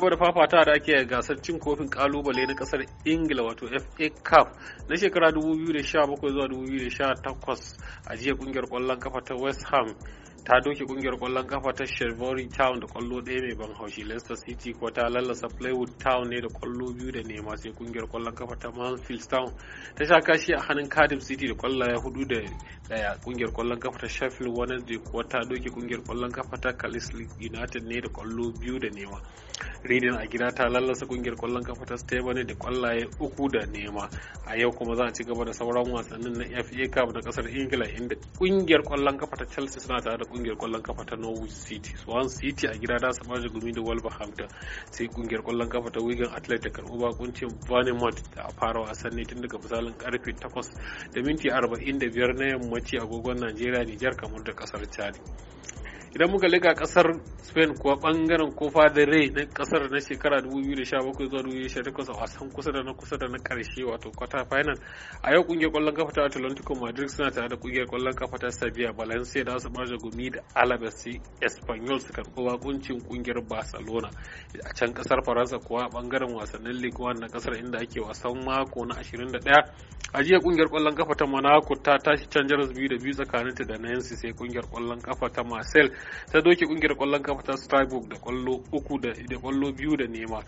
gaba da fafata da ake gasar cin kofin kalubale na kasar ingila wato fa cup na shekara 2017 zuwa 2018 a jiya kungiyar kwallon kafa ta west ham ta doke kungiyar kwallon kafa ta Sherbury Town da kwallo ɗaya mai ban haushi Leicester City ko ta lallasa Playwood Town ne da kwallo biyu da nema sai kungiyar kwallon kafa ta Mansfield Town ta sha kashi a hannun Cardiff City da kwallaye hudu da daya kungiyar kwallon kafa ta Sheffield Wednesday ko ta doke kungiyar kwallon kafa ta Carlisle United ne da kwallo biyu da nema Reading a gida ta lallasa kungiyar kwallon kafa ta Stevenage da kwallaye uku da nema a yau kuma za a ci gaba da sauran wasannin na FA Cup na kasar Ingila inda kungiyar kwallon kafa ta Chelsea suna tare da kungiyar kwallon kafa ta Norwich City Swan City a gida ta da gumi da Wolverhampton sai kungiyar kwallon kafa ta Wigan Athletic ta karbi bakuncin Bournemouth a fara wasan ne tun daga misalin karfe 8 da minti 45 na yammaci agogon Najeriya Nijar kamar da kasar Chad idan muka leka kasar spain kuwa bangaren kofa da rai na kasar na shekara 2017 zuwa 2018 a wasan kusa da na kusa da na karshe wato quarter final a yau kungiyar kwallon kafa ta atlantico madrid suna tare da kungiyar kwallon kafa ta sevilla valencia da su barja gumi da alabes espanyol su karɓi wakuncin kungiyar barcelona a can kasar faransa kuwa bangaren wasannin ligue na kasar inda ake wasan mako na 21 a jiya kungiyar kwallon kafa ta monaco ta tashi can jaras biyu da biyu tsakaninta da nancy sai kungiyar kwallon kafa ta marcel ta doke kungiyar kwallon kafa ta Strasbourg da kwallo uku da kwallo biyu da nema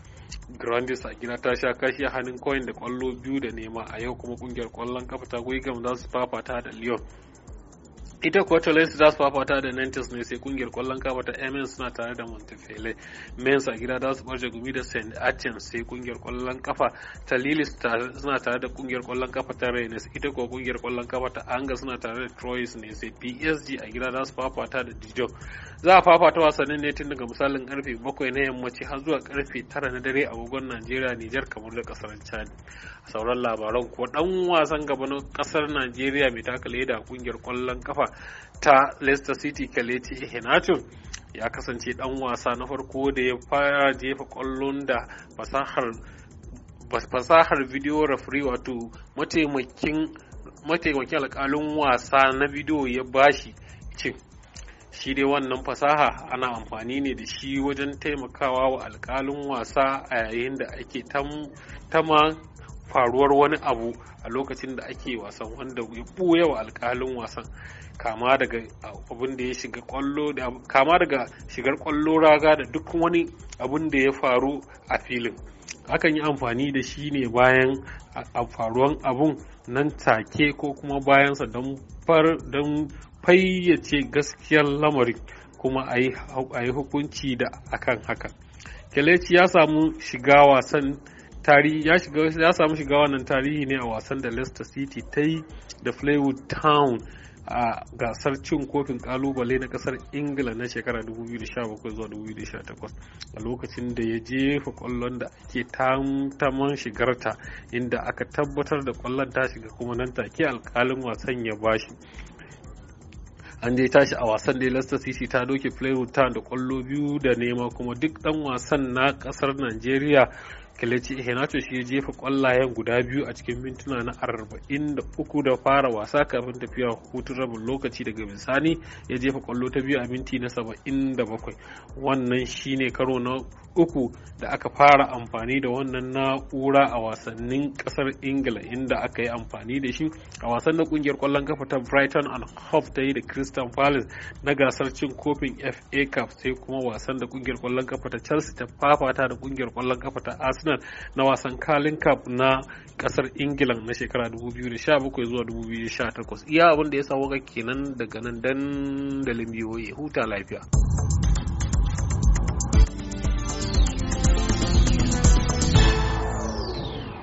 Grandis a gida ta sha kashi a hannun coin da kwallo biyu da nema a yau kuma kungiyar kwallon kafa ta Wigan za su fafata da Lyon ita kuwa tolensi za su fafata da 90s ne sai kungiyar kwallon kafa ta Amiens suna tare da Montefiore Mens a gida za su barje gumi da St Atens sai kungiyar kwallon kafa ta Lille suna tare da kungiyar kwallon kafa ta Rennes ita kuwa kungiyar kwallon kafa ta anga suna tare da Troyes ne sai PSG a gida za su fafata da Dijon za a fafata wasannin ne tun daga misalin karfe 7 na yammaci har zuwa karfe 9 na dare a agogon Najeriya Nijar kamar da kasar Chad sauran labaran kuwa dan wasan gaba na kasar Najeriya mai taka leda kungiyar kwallon kafa ta Leicester City Kaleti Iheanacho ya kasance dan wasa na farko da ya fara jefa kwallon da fasahar fasahar video referee wato mataimakin alkalin wasa na video ya bashi cin shi dai wannan fasaha ana amfani ne da shi wajen taimakawa wa alkalin wasa a yayin da ake tama faruwar wani abu a lokacin da ake wasan wanda ya ɓoye wa alkalin wasan kama daga abin da ya shiga kwallo da kama daga shigar kwallo raga da duk wani abin da ya faru a filin akan yi amfani da shi ne bayan faruwan abun nan take ko kuma bayansa don don fayyace gaskiyar lamarin kuma a yi hukunci da akan haka. keleci ya samu shiga wasan tarihi ya shiga ya samu shiga wannan tarihi ne a wasan da Leicester City ta yi da Fleetwood Town a gasar cin kofin kalubale na kasar ingila na shekara 2017 zuwa 2018 a lokacin da ya jefa kwallon da ake tamtaman shigarta inda aka tabbatar da kwallon ta shiga kuma nan take alkalin wasan ya bashi an je tashi a wasan da Leicester City ta doke Fleetwood Town da kwallo biyu da nema kuma duk dan wasan na kasar Najeriya kelechi eh, henacho shi ya jefa kwallayen guda biyu a cikin mintuna na 43 da fara wasa kafin tafiya hutun rabin lokaci daga bisani ya jefa kwallo ta biyu a minti na 77 wannan shine karo na uku da aka fara amfani da wannan na'ura a wasannin kasar ingila inda aka yi amfani da shi a wasan da kungiyar kwallon kafa ta brighton and hove ta yi da crystal palace na gasar cin kofin fa cup sai kuma wasan da kungiyar kwallon kafa ta chelsea ta fafata da kungiyar kwallon kafa ta arsenal Arsenal na wasan carling cup na kasar ingila na shekara 2017 zuwa 2018 iya abin da ya sawo kenan daga nan dandalin biyoyi huta lafiya